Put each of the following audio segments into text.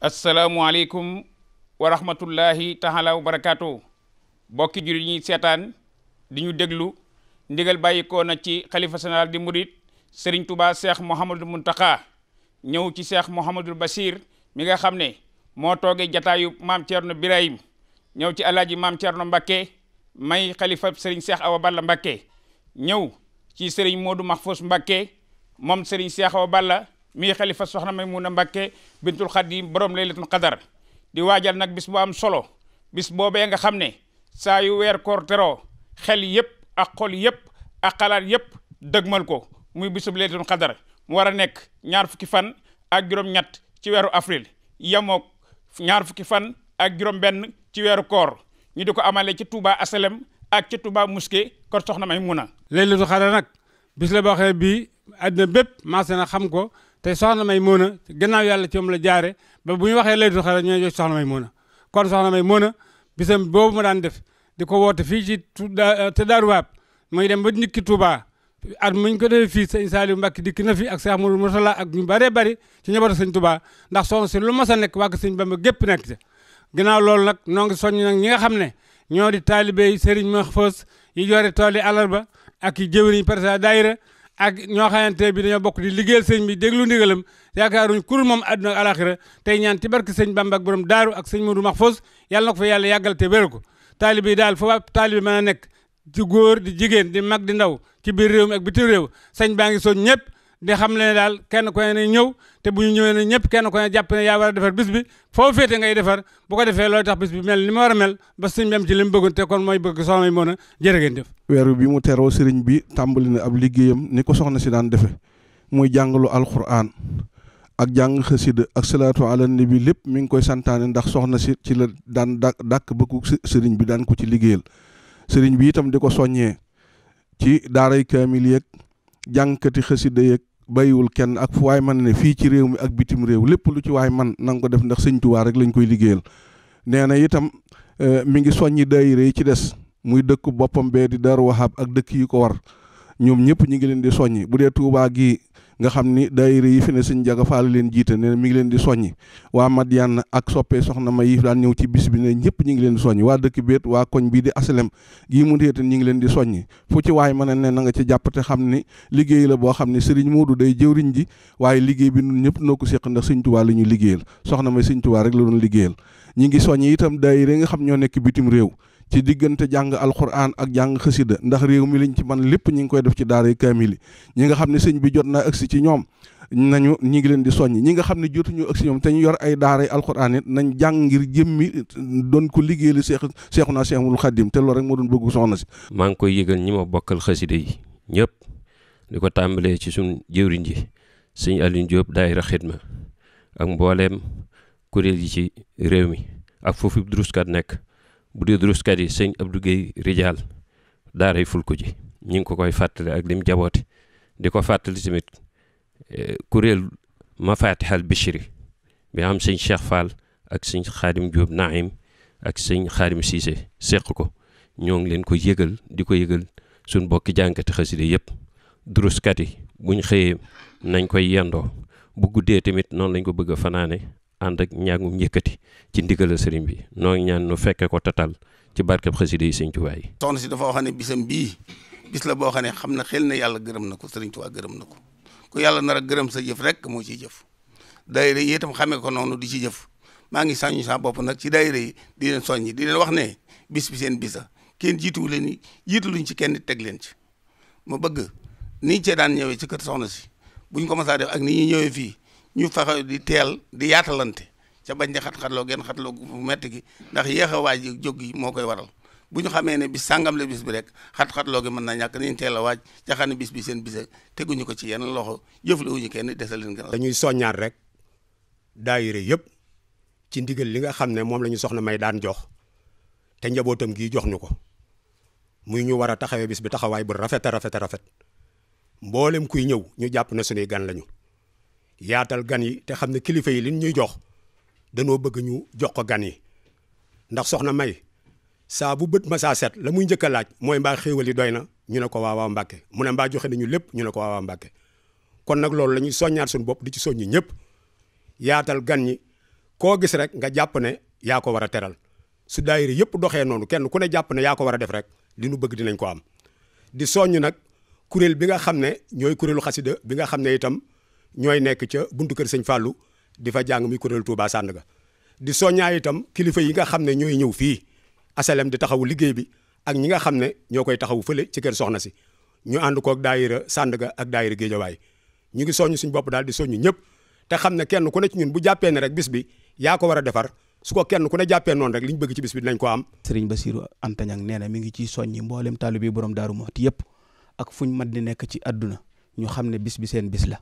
asalaamualeykum wa rahmatullahi taala wa barakaatu bokki jullit ñi seetaan di ñu déglu ndigal bàyyikoo na ci xalifa général di murit sëriñ tubaa seex mouhamadul muntaxa ñëw ci seex mouhamadul basir mi nga xam ne moo toogee jataayu maam Thierno Birahim ñëw ci alaaji maam Thierno Mbakke may xalifa sëriñ seex awa balla Mbakke ñëw ci sëriñ moodu mahfous Mbakke moom sëriñ seex awa balla xeli fa soxna Maymuna Mbàkke bintul Xadim borom laylatul qadar di waajal nag bis bu am solo bis boobee nga xam ne saa yu weer koor teroo xel yëpp ak xol yëpp ak xalaat yëpp dëgmal ko muy bisub laylatul qadar mu war a nekk ñaar fukki fan ak juróom-ñett ci weeru avril yemook ñaar fukki fan ak juróom-benn ci weeru koor ñu di ko amalee ci Touba Asalem ak ci Touba Mosquée kër soxna Maymuna. laylatul qadar nag bis la boo xam ne bii àddina bépp maase na xam ko. te soxna Maymuna gannaaw yàlla ci moom la jaare ba bu ñu waxee laylatul xadar ñooy jox soxna Maymuna kon soxna Maymuna bisam boobu ma daan def di ko woote fii ci te Daaru Waab muy dem ba njëkki Touba at muñ ko defee fii sëñ Saliou Mbacke dikk na fi ak Cheikh Mouhamadou Mourtala ak ñu bëree bëri ci ñëbatu sëñ Touba ndax soxna si lu mas a nekk wàgg sëñ Bamba gépp nekk ci gannaaw loolu nag noo ngi soññ nag ñi nga xam ne ñoo di taalibe Serigne Mahfouz yi joore tool yi àllarba ak yi jëwriñ président daayira ak ñoo xamante bi dañoo bokk di liggéeyal sëñ bi déglu ndigalam yaakaaruñ kurul moom àdduna ak alaxira tey ñaan ci barke sëñ Bamba ak borom daaru ak sëñ Modou Mahfous yàlla na ko fa yàlla yàggal te wér ko taalibe yi daal foofa taalibi mën a nekk ci góor di jigéen di mag di ndaw ci biir réew mi ak bitim réew sëñ baa ngi soñ ñëpp di xam le ne daal kenn ku ne ñëw te bu ñu ñëwee ne ñëpp kenn ku ne jàpp ne yaa war a defar bis bi foo féete ngay defar bu ko defee loolu tax bis bi mel ni ma war a mel ba sëñ ci li mu bëggoon te kon mooy bëgg soxna yi moo na jërë mu teroo sëriñ bi tàmbali na ab liggéeyam ni ko soxna si daan defe muy jàngalu alquran ak jàng xasida ak salaatu ala nabi lépp mi ngi koy santaane ndax soxna si ci la daan dàkk dàkk bëggu sëriñ bi daan ko ci liggéeyal sëriñ bi itam di ko soññee ci daaray kaamil yeeg jàngkati xasida yeeg bayiwul kenn ak fu waay man ne fii ci réew mi ak bitim réew lépp lu ci waay man na ko def ndax sëñ Tuubaa rek lañu koy liggéeyal nee na itam e, mi ngi soññi daayira yi ci des muy dëkku boppam bee di Daaru waxaab ak dëkk yi ko war ñoom ñëpp ñu ngi leen di soññi bu dee Tuubaa gi nga xam ni daayira yi fi ne sëñ Jaga leen jiite nee na mi ngi leen di soññi waa Madiane ak soppee soxna ma yi daan ñëw ci bis bi ne ñëpp ñi ngi leen di soññi waa dëkk béet waa koñ bii di aslem gii mu téete ñi ngi leen di soññi fu ci waay mën a ne na nga ci jàppate xam ni liggéey la boo xam ne sëriñ Moodu day jëwriñ ji waaye liggéey bi nun ñëpp noo ko séq ndax sëñ Tuubaa ñu liggéeyal soxna may sëñ rek la doon liggéeyal ñi ngi soññi itam daayira nga xam ñoo nekk bitim réew ci diggante jàng alxuraan ak jàng xasida ndax réew mi liñ ci man lépp ñi ngi koy def ci daara kaamili ñi nga xam ne sëñ bi jot naa agsi ci ñoom nañu ñi ngi leen di soññ ñi nga xam ne jotuñu agsi ñoom te ñu yor ay daara alxuraan it nañ jàng ngir jëmmi doon ko liggéeyal seex seexu naa seexul xaddim te loolu rek moo doon bëgg soxna si maa ngi koy yëgal ñi ma bokkal xasida yi ñëpp di ko tàmbalee ci suñ jëwriñ ji sëñ Aliou Diop daayira xidma ak mbooleem kuréel yi ci réew mi ak foofu duruskat nekk bu dee duruskat yi sëñ Abdou Guèye Rijaal daaray fulku ji ñu ngi ko koy fàttale ak lim jaboote di ko fàttali tamit eh, kuréel Mafatihal Bichri bi am sëñ Cheikh Fall ak sëñ Xaadim Diop Naim ak sëñ Xaadim Cissé seq ko ñoo ngi leen ko yëgal di ko yëgal suñ bokki jànkati xaside yëpp duruskat yi buñ xëyee nañ koy yendoo bu guddee tamit noonu lañ ko bëgg a fanaane ànd ak ñaagum njëkkati ci ndigalal sëriñ bi noo ngi ñaan nu fekke ko tatal ci barkeb xasida yi sëñ Tuubaa soxna si dafa wax ne bisam bii bis la boo xam ne xam na xel ne yàlla gërëm na ko sëriñ Tuubaa gërëm na ko ko yàlla nar a gërëm sa jëf rek moo ciy jëf daayira yi itam xamee ko noonu di ci jëf maa ngi sañu sa bopp nag ci daayira yi di leen soññi di leen wax ne bis bi seen bisa kenn jiituwu leen ni jiitu luñ ci kenn teg leen ci ma bëgg niñ cee daan ñëwee ci kër soxna si buñ ko masaa def ak ni ñëwee fii ñu fexe di teel di yaatalante ca bañ di xat-xatloo genn xatloo gu metti gi ndax yéex a waaj jóg yi moo koy waral bu ñu xamee ne bis sàngam la bis bi rek xat-xatloo gi mën naa ñàkk nañ teel a waaj ca xam bis bi seen bise teguñu ko ci yenn loxo jëflewuñu kenn desal leen gën dañuy soññaat rek daayire yëpp ci ndigal li nga xam ne moom la ñu soxna may daan jox te njabootam gii jox ñu ko muy ñu war a taxawee bis bi taxawaay bu rafet a rafet a rafet mboolem kuy ñëw ñu jàpp na suñuy gan lañu yaatal gan yi te xam ne kilifa yi li ñuy jox danoo bëgg ñu jox ko gan yi ndax soxna May saabu bu bët masaa set la muy njëkk laaj mooy mbaa xéewal yi doy na ñu ne ko waawaa Mbàkke mu mbaa joxe nañu lépp ñu ne ko waawaa Mbàkke kon nag loolu la ñuy soññaat suñu bopp di ci soññi ñëpp yaatal gan ñi koo gis rek nga jàpp ne yaa ko war a teral su daayira yëpp doxee noonu kenn ku ne jàpp ne yaa ko war a def rek li nu bëgg dinañ ko am di soññ nag kuréel bi nga xam ne ñooy kuréelu xasida bi nga xam ne itam ñooy nekk ca buntu kër sëñ Fallou di fa jàng muy kuréel Touba Sandaga di soññaa itam kilifa yi nga xam ne ñooy ñëw fii asalem di taxawu liggéey bi ak ñi nga xam ne ñoo koy taxawu fële ci kër soxna si ñu ànd koog daayira Sandaga ak daayira Géejawaay ñu ngi soññ suñ bopp daal di soññ ñëpp te xam ne kenn ku ne ci ñun bu jàppee ne rek bis bi yaa ko war a defar su ko kenn ku ne jàppee noonu rek li ñu bëgg ci bis bi dinañ ko am. Serigne Bassirou Anta Niang nee na mi ngi ciy soññi mboolem taalibe bi borom Daaru Muxti yëpp ak fuñ mat di nekk ci àdduna ñu xam ne bis bi bis la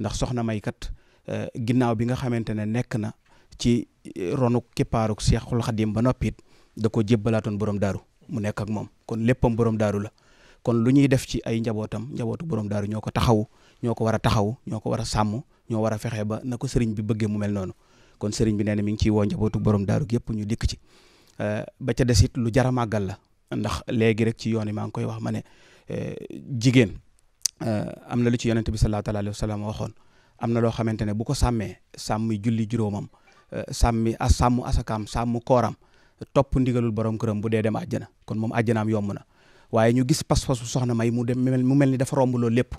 ndax soxna may kat eh, ginnaaw bi nga xamante ne nekk na ci eh, ronu kippaaruk Seexul Xadim ba noppiit it da ko jébbalaatoon borom daaru mu nekk moom kon léppam borom daaru la kon lu ñuy def ci ay njabootam njabootu borom daaru ñoo ko taxawu ñoo ko war a taxawu ñoo ko war a sàmm ñoo war a fexe ba na ko sëriñ bi bëggee mu mel noonu kon sëriñ bi nee mi ngi ciy woo njabootu borom daaru yëpp ñu dikk ci eh, ba ca desit lu jar a màggal la ndax léegi rek ci yoon yi maa ngi koy wax ma ne jigéen Euh, am na lu ci yonente bi sallallahu alayhi wa sallam waxoon am na loo xamante ne bu ko sàmmee sàmmi julli juróomam euh, sàmmi as sàmm asakaam sàmm kooram topp ndigalul borom këram bu dee dem àjjana kon moom àjjanaam yomb na waaye ñu gis pas-pasu soxna may mu dem mu mel ni dafa romb loolu lépp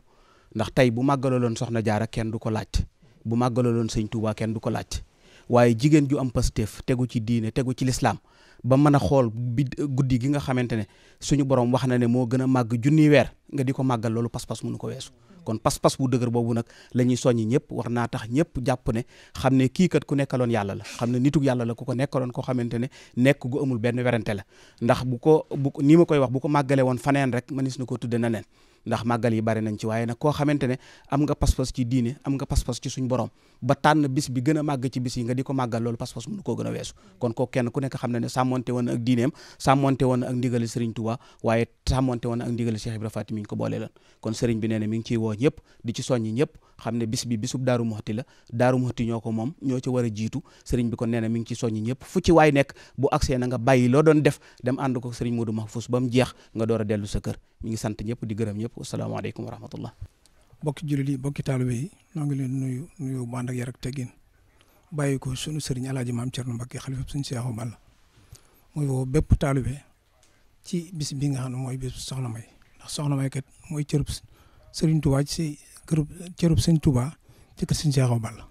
ndax tey bu màggalaloon soxna jaara kenn du ko laaj bu màggalaloon sëñ Tuubaa kenn du ko laaj waaye jigéen ju am pasteef tegu ci diine tegu ci lislaam ba mën a xool guddi gi nga xamante ne suñu borom wax na ne moo gën a màgg junniy weer nga di ko màggal loolu pas-pas mënu ko weesu kon pas-pas bu dëgër boobu nag la ñuy soññi ñëpp war naa tax ñëpp jàpp ne xam ne kii kat ku nekkaloon yàlla la xam ne nituk yàlla la ku ko nekkaloon koo xamante ne nekk gu amul benn werante la ndax bu ko bu ni ma koy wax bu ko màggale woon faneen rek mënees ko tudde na neen ndax màggal yi bari nañ ci waaye nag koo xamante ne am nga pas-pas ci diine am nga pas-pas ci suñ borom ba tànn bis bi gën a màgg ci bis yi nga di ko màggal loolu pas-pas mënu gën a weesu kon ko kenn ku nekk xam ne ne sàmmonte woon ak diineem sàmmonte woon ak ndigali Serigne Touba waaye sàmmonte woon ak ndigali Cheikh Ibra Faty mi ñu ko boolee lan bis bi bisub Daaru Muxti la ñoo ko moom ñoo ci war a jiitu Serigne bi kon nee na mi ngi ci soññ ñëpp fu ci waay nekk bu ba mu jeex nga door a dellu ngi sant ñëpp di gërëm ñëpp wasalaamaaleykum wa rahmatullah bokki jullit yi bokki taalibe yi noo ngi leen nuyu nuyu bu ànd ak yar ak teggin bàyyi sunu sëriñ alaaji maam Cerno Mbakke xalifa suñu seexu Balla muy woo bépp taalibe ci bis bi nga xam ne mooy bis soxna may ndax soxna may kat mooy cërub sëriñ Tuubaa ci kërub cërub sëriñ Tuubaa ci kër suñu seexu Balla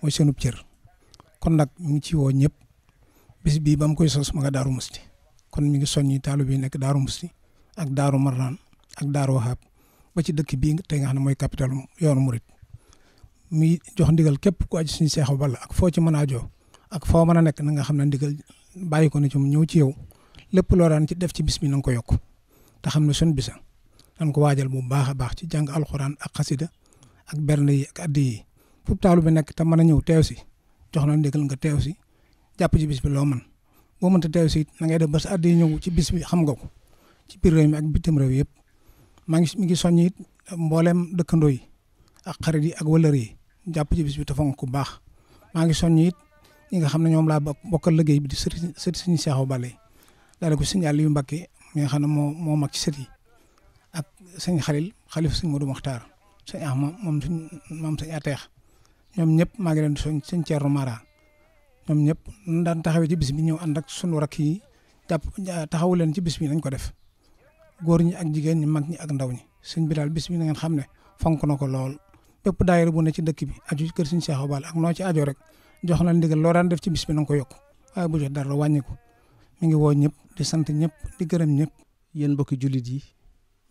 mooy cër kon nag ñu ngi ci woo ñëpp bis bi ba koy sos ma nga daaru musti kon mi ngi soññi taalu bi nekk daaru musti ak daaru marnaan ak Daaru Wahab ba ci dëkk bii tey nga xam ne capital yoonu Murit mi jox ndigal képp ku aji suñu Seexu Balla ak foo ci mën a ak foo mën a nekk na nga xam ne ndigal bàyyi ko na ci mu ñëw ci yow lépp loo daan ci def ci bis mi ko yokk te xam ne bisa dañ ko waajal bu baax a baax ci jàng alxuraan ak xasida ak berne yi ak addi yi fu taalu bi nekk te mën a ñëw teew si jox na ndigal nga teew si jàpp ci bis bi loo mën boo mënta teew si na ngay def ba sa addi ci bis xam nga ko ci biir réew mi ak bitim réew yëpp ma ngi mi ngi soññ it eh, mboolem dëkkandoo yi ak xarit yi ak wëllër yi jàpp ci bis bi te ku baax ma ngi soññ it ñi nga xam ne ñoom laa bokkal liggéey bi di sëriñ sëriñ Seexu Bale daal ko signal yu Mbacké mi nga xam mo moo moo mag ci sët yi ak sëñ Xalil xalif sëñ Modou Mokhtar sëñ Ahma moom sëñ moom sëñ Ateex ñoom ñëpp maa ngi leen soñ sëñ Thierno Mara ñoom ñëpp ñu daan taxawee ci bis bi ñëw ànd ak sunu rakk yi jàpp taxawu leen ci bis bi nañ ko def gor ñi ak jigéen ñi mag ñi ak ndaw ñi sëñ bi daal bis bi na ngeen xam ne fonk na ko lool bépp daayira bu ne ci dëkk bi aju kër sëñ Cheikh Obal ak noo ci ajo rek jox na ndigal loo daan def ci bis bi na nga ko yokk waaye bu jox dara wàññi ko mi ngi woo ñëpp di sant ñëpp di gërëm ñëpp. yéen mbokki julit yi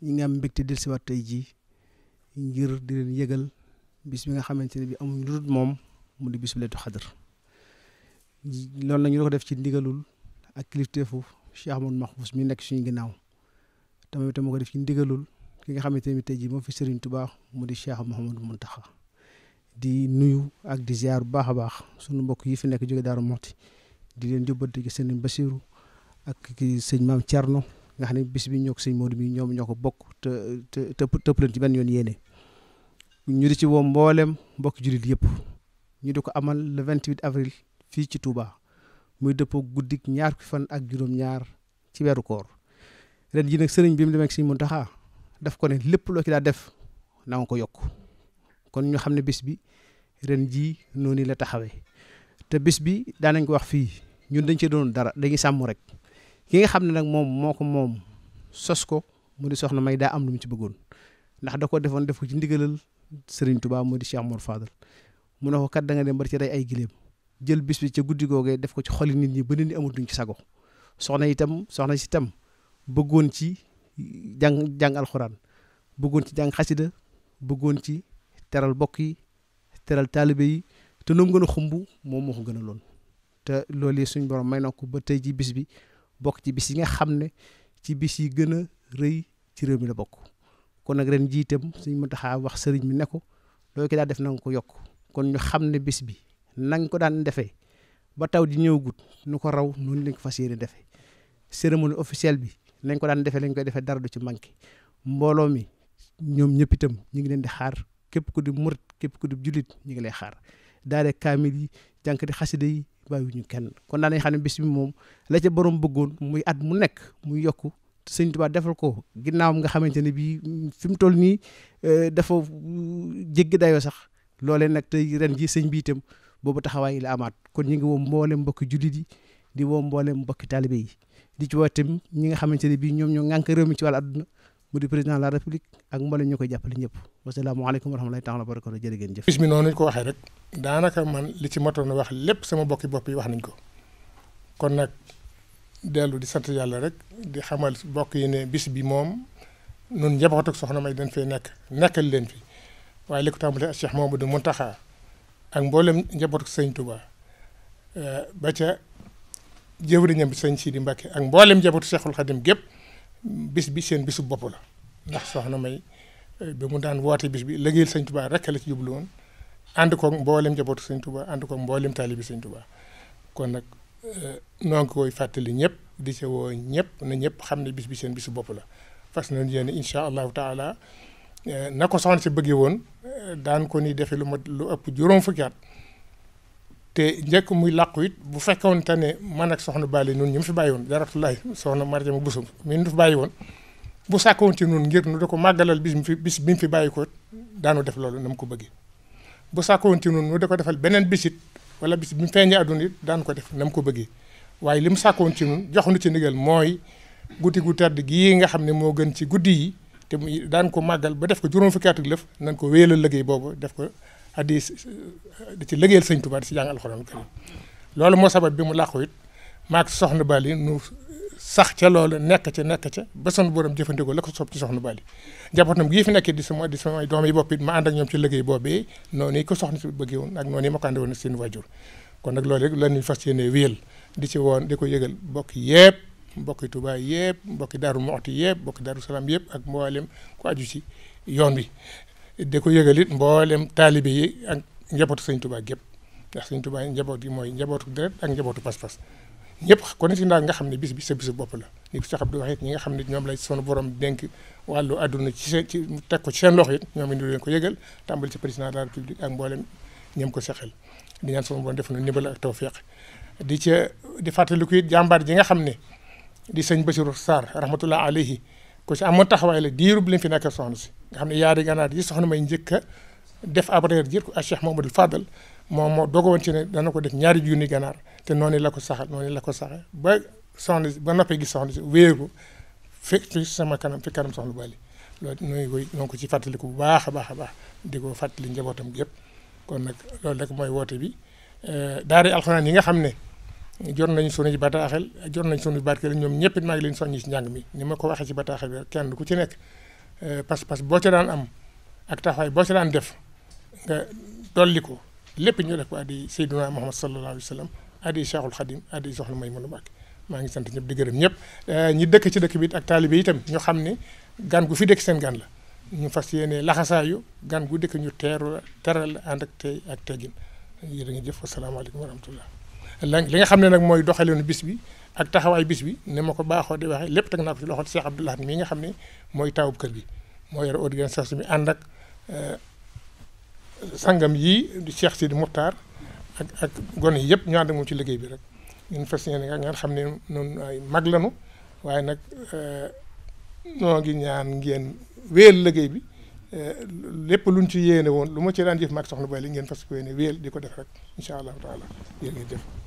ñi ngi am mbégte dellusiwaat tey ji ngir di leen yëgal bis bi nga xamante ne bi amuñu lu dul moom mu di bisu leetu xadar loolu la ñu ko def ci ndigalul ak kilifteefu Cheikh Amadou mi nekk suñu ginnaaw tamit te mu ko def ci ndigalul ki nga xamante ni tey jii moom fi Serigne Touba mu di Cheikh Mouhamadou Mountakha di nuyu ak di ziar bu a baax sunu mbokk yi fi nekk jóge Daaru Moxti di leen jubbante ci sëñ ak ki sëñ Maam Thierno nga xam ne bis bi ñoo sëñ Modou mi ñoom ñoo ko bokk te te tëpp benn yoon yéene ñu di ci woo mboolem mbokki jullit yëpp ñu di ko amal le 28 avril fii ci Touba muy dëppoo guddik ñaar ki fan ak juróom-ñaar ci weeru koor ren ji nag sëriñ bi mu demee ak daf ko ne lépp loo ci daa def na nga ko yokk kon ñu xam ne bis bi ren ji noonu la taxawee te bis bi daanañ ko wax fii ñun dañ ci doon dara dañuy sàmm rek ki nga xam ne nag moom moo ko moom sos ko mu di soxna may daa am lu mu ci bëggoon ndax da ko defoon def ko ci ndigalal Sëriñ Tuubaa mu di Cheikh Mor Fadal mu ne ko kat da nga dem ba ci ray ay gilem jël bis bi ca guddi googee def ko ci xoli nit ñi ba nit ñi amatuñ ci sago soxna itam soxna ci tam bëggoon ci jàng jàng alxuraan bëggoon ci jàng xasida bëggoon ci teral bokk yi teral taalibe yi te noom gën a xumb moom moo ko gën a loon te loolu suñ borom may na ko ba tey ji bis bi bokk ci bis yi nga xam ne ci bis yi gën a rëy ci réew mi la bokk kon nag ren jii suñ mën taxaa wax sëriñ mi ne ko loolu daal def na nga ko yokk kon ñu xam ne bis bi nañ ko daan defee ba taw di ñëw gut nu ko raw noonu lañ ko fa yéene defee cérémonie officielle bi lañ ko daan defee lañ ko defee dara du ci manqué mbooloo mi ñoom ñëpp itam ñu ngi leen di xaar képp ku di murit képp ku di jullit ñu ngi lay xaar daare kaamil yi jànk di xasida yi bàyyiwuñu kenn kon daan nañ xam ne bis bi moom la ca borom bëggoon muy at mu nekk muy yokku sëñ Tuubaa defal ko ginnaawam nga xamante ne bii fi mu toll nii euh, dafa jéggi dayoo sax loolee nag tey ren ji sëñ bi itam boobu taxawaay la amaat kon ñu ngi woo mboole mbokki jullit yi di wo mboolem mbokki talibé yi di ci wotim ñi nga xamanteni bi ñom ñoom ñoo ŋànk réew mi ci wal aduna mu di président de la république ak ñuko ñu koy wa salaamu alaykum wa rahmatullahi taala wa barakatu jërë jëf bis nonu ko waxé rek daanaka man li ci matoon wax lepp sama bokki bop yi wax nañ ko kon nak delu di sant yalla rek di xamal bokk yi ne bis bi mom nun njaboot ak soxna may dañ fee nek nekkal leen fi waye liku tambalé Cheikh Mamadou muntaha ak mbolé njaboot ak seigne Touba eh, ba ca jëwriñam sëñ di Mbacke ak mboolem njabootu Cheikhul Khadim gépp bis bi seen bisu bopp la ndax soxna May eh, bi mu daan woote bis bi liggéeyal sëñ Touba rek la si jublu woon ànd koog mboolem njabootu sëñ Touba ànd koog mboolem taalibi sëñ Touba kon nag eh, noo ngi koy fàttali ñëpp di ca woo ñëpp na ñëpp xam ne bis bi seen bisu bopp la fas nañu yéene incha allahu taala eh, na ko soxna si bëggee woon daan ko ni defee lu mat lu ëpp juróom fukki at te njëkk muy làqu it bu fekkoon te ne man ak soxna Bali noonu ñu mu fi bàyyi woon jaratulaay soxna Marjama Bousso mi ñu fi bàyyi woon bu sàkkoon ci noonu ngir nu da ko màggalal bis bi bis bi mu fi bàyyi daanu def loolu na ko bëggee bu sàkkoon ci noonu nu defal beneen bis wala bis bi mu feeñee àdduna it daanu ko def na mu ko bëggee waaye li mu sàkkoon ci noonu jox nu ci ndigal mooy guddi gu tedd gii nga xam ne moo gën ci guddi yi te daan ko màggal ba def ko juróom fukki at ak lëf nan ko wéelal liggéey boobu def ko di di ci liggéeyal sëñ Tuubaa di si jàng alxuraan loolu moo sabab bi mu làqu it maag soxna Bali nu sax ca loolu nekk ca nekk ca ba sunu borom jëfandikoo la ko sopp ci soxna Bali njabootam gii fi di sama di samay doom yi it ma ànd ak ñoom ci liggéey boobee noonu yi ko soxna si bëggee woon ak noonu yi ma ko ànd woon seen wajur kon nag loolu rek lan ñu fas yéene wéyal di ci woon di ko yëgal bokk yëpp mbokki Tuubaa yëpp mbokki Daaru Muxti yëpp mbokki Daaru Salaam yëpp ak mboolem ku aju ci yoon wi de ko yëgal it mboolem taalibe yi ak njabootu sëñ Tuubaa gépp ndax sëñ Tuubaa njaboot yi mooy njabootu deret ak njabootu pas-pas ñëpp ku ne si ndaal nga xam ne bis bi sa bisu bopp la ni ko Cheikh nga xam ne ñoom lay sunu borom dénk wàllu àdduna teg ko ci seen loxo it ñoom indi leen ko yëgal tàmbali ci président de la république ak mboolem ko sexel di ñaan sunu borom def na ndimbal ak tawfeex di ca di fàttaliku it jàmbaar ji nga xam ne di sëñ Bassirou Sarr rahmatullah alayhi ku ci amoon taxawaay la diirub lim fi nekk soxna si nga xam ne yaari ganaar yi soxna may njëkk a def ab reer jër ak Cheikh Mamadou moom moo dogoon ci ne dana ko def ñaari junni ganaar te noonu la ko saxal noonu la ko saxal ba soxna ba noppee gis soxna si wéer fi fekk sama kanam fi kanam soxna Bali loolu ñu koy ñoo ngi ko ci fàttaliku bu baax a baax a baax di ko fàttali njabootam gi yëpp kon nag loolu rek mooy woote bi eh, daara alxuraan yi nga xam ne. jot nañ sunuy bataaxel jot nañ sunuy barkeel ñoom ñëpp it maa ngi leen soññi si njàng mi ni ma ko waxee ci bataaxel bi kenn ku ci nekk euh, pas-pas boo ca daan am ak taxawaay boo ca daan def ko lépp ñu def ko addi Seydina Muhammad sallallahu alayhi wa sallam addi Cheikhul Khadim addi Soxna Maymuna maa ngi sant ñëpp di gërëm ñëpp euh, ñi dëkk ci dëkk bi ak taalibe itam ñu xam ne gan gu fi dëkk seen la ñu fas yéene laxasaayu gan gu dëkk ñu teeru teral ànd ak tey ak teggin yéen a ngi jëf asalaamaaleykum wa rahmatullah la li nga xam ne nag mooy doxalinu bis bi ak taxawaay bis bi ne ma ko baaxoo di waxee lépp teg naa ko ci loxol Cheikh Abdoulaye mi nga xam ne mooy taawub kër gi moo yor organisation bi ànd ak sangam yii di Cheikh Sidi Moukhtar ak ak gone yi yëpp ñu ànd ak moom ci liggéey bi rek ñun fas yéene nga ngeen xam ne noonu ay mag lañu waaye nag noo ngi ñaan ngeen wéyal liggéey bi lépp luñ ci yéene woon lu ma ci daan jëf mag soxna Boye li ngeen fas yéene wéyal di ko def rek incha allahu taala yéen ngeen jëf